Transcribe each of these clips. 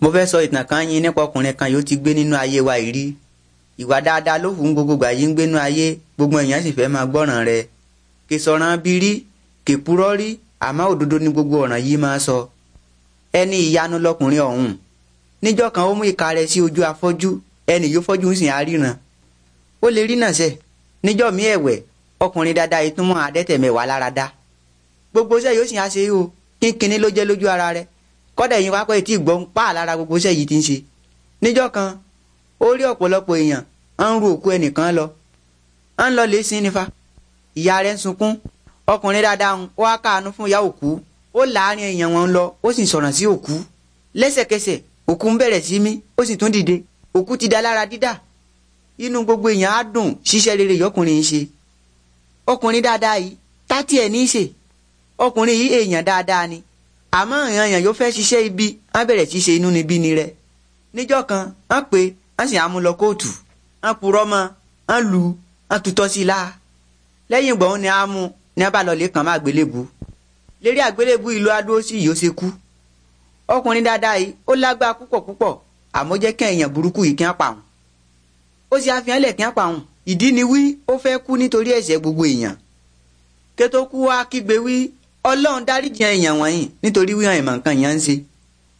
mo fẹ́ sọ ìtàn kan yín nípa ọkùnrin kan yóò ti gbé nínú ayé wa ìrí ìwà dáadáa ló fún gbogbo gbà yín gbénú ayé gbogbo èèyàn sì fẹ́ máa gbọ́ràn rẹ̀ kì sọ̀ràn bí rí kì purọ́ rí àmọ́ òdodo ni gbogbo ọ̀ràn yìí máa sọ ẹni ìyanu lọkùnrin ọ̀hún níjọ́ kan ó mú ìka rẹ̀ sí ojú afọ́jú ẹni yóò fọ́jú sìn àríran ó lè rí nàṣẹ níjọ́ mi ẹ̀wẹ̀ ọkùnrin dáadáa ìtumọ̀ adẹ́tẹ̀mẹ̀wá lára gbogbo iṣẹ́ yóò sì á ṣe o kínkínní ló jẹ́ lójú ara rẹ̀ kọ́dà ẹ̀yin wá pé tí gbọ́n pa lára gbogbo iṣẹ́ yìí ti ń ṣe níjọ́ kan ó rí ọ̀pọ̀lọpọ̀ èèyàn à ń ru òkú ẹnìkan lọ à ń lọ lè sin nífa ìyá rẹ̀ ń sunkún ọkùnrin dáadáa ń wá káàánú fún ìyá òkú ó láàárín èèyàn wọn lọ ó sì sọ̀rọ̀ sí òkú lẹ́sẹ̀kẹsẹ̀ òkú ń bẹ̀rẹ̀ sí mí ó sì tún òkú ti da lára dídà inú gbogbo èèyàn á dùn ṣiṣẹ́ rere yọkùnrin ń ṣe ọkùnrin dáadáa yìí ní í ṣe ọkùnrin yìí ni àmọ́ ìran yàn yóò fẹ́ ṣiṣẹ́ ibi wọ́n bẹ̀rẹ̀ sí ṣe inú níbí ni rẹ̀ níjọ́ kan wọ́n pé wọ́n sì àmú lọ kóòtù wọ́n purọ́ mọ́ wọ́n lu wọ́n tutọ́ sí i la lẹ́yìn ìgbà wọn ni àmú ni wọ́n bá lọ lè kàn má àgbélébù lérí àgbélébù ìlú adúró sí yìí ó ṣe kú ọkùnrin dáadáa yìí ó lágbára púpọ̀ púpọ̀ àmọ́ jẹ́ kí èèyàn burúkú yìí kí wọ́n pa òun ó sì àfihàn lẹ̀ kí wọ́n pa òun ìdí ni wí ó fẹ́ kú nítorí ẹ̀ṣẹ̀ gbogbo èèyàn kí kú wá kígbe wí ọlọ́run dáríjì èèyàn wọ̀nyí nítorí wíwọ̀n ìmọ̀ nǹkan yẹn ń ṣe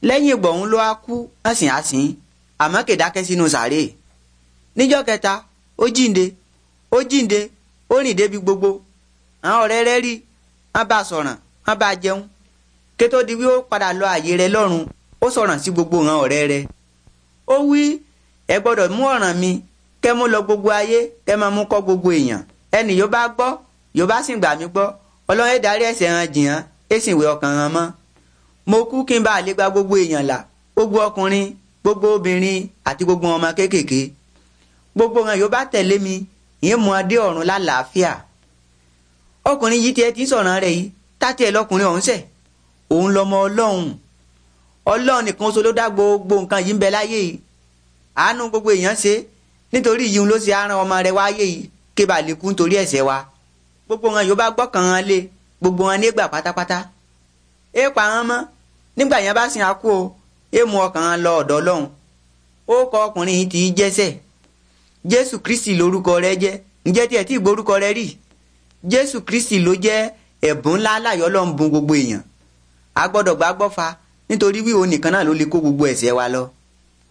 lẹ́yìn ìgbà òun ló wá kú ẹ̀sìn àsìn àmọ́ kèdákẹ́ sínú sàárè níjọ́ kẹta ó jíǹde ó jíǹde ó rìn débi gbogbo àwọn ọ̀rẹ́ rí wọ́n bá wọ́n bá jẹun lọ àyè ó gbogbo àwọn ọ̀rẹ́ ó wí ẹ gbọ́dọ̀ mú ọ̀ràn mi kẹ́ mú lọ gbogbo ayé kẹ́ máa gbogbo èèyàn ẹnì yóò bá gbọ́ yóò bá sì gbà mí gbọ́ ọlọ́run ẹ̀ dárí ẹ̀ṣẹ̀ hàn jìyàn ẹ̀ sì wẹ ọkàn hàn mọ́ mo kú kí n bá lè gba gbogbo èèyàn là gbogbo ọkùnrin gbogbo obìnrin àti gbogbo ọmọ kéékèèké gbogbo wọn yóò bá tẹ̀lé mi ìyẹn mú adé ọ̀run lálàáfíà ọkùnrin yìí tiẹ̀ ti ń sọ̀ràn rẹ̀ yìí tátí ẹ̀ lọkùnrin ọ̀hún ṣẹ̀ òun lọmọ ọlọ́run ọlọ́run nìkan ṣo ló dá gbogbo nǹkan yìí ń bẹ láyé yìí àánú gbogbo èèyàn ṣe nítorí yìí ló ṣe aràn ọmọ rẹ̀ wáyé yìí kébà lè kú nítorí ẹ̀ṣẹ̀ wa. gbogbo wọn yóò bá kan wọn lé gbogbo wọn nígbà pátápátá Ẹ pa wọn mọ́ nígbà yẹn bá sin akú o é mú ọkàn lọ ọ̀dọ̀ ọlọ́run ó kọ ọkùnrin yìí tí í jẹ́sẹ̀ jésù kristi lorúkọ rẹ jẹ́ ǹjẹ́ tiẹ̀ tí ìgbórúkọ rẹ rí jésù kristi ló jẹ́ ẹ̀bùn ńlá láyọ̀ gbogbo èèyàn a gbọ́dọ̀ fa nítorí wíwo nìkan gbogbo wa lọ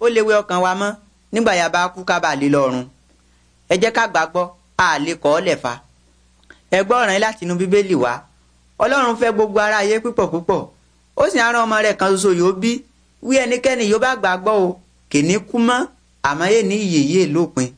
ó léwé ọkàn wa mọ́ nígbà bá kú ká ẹ gbọ́ ọ̀ràn láti inú bíbélì wá ọlọ́run fẹ́ gbogbo ara ayé púpọ̀ púpọ̀ ó sì arán ọmọ rẹ̀ kan ṣoṣo yóò bí wí ẹnikẹ́ni yóò bá gbàgbọ́ o kì ní kú mọ́ àmọ́ yé ní ìyèyè lópin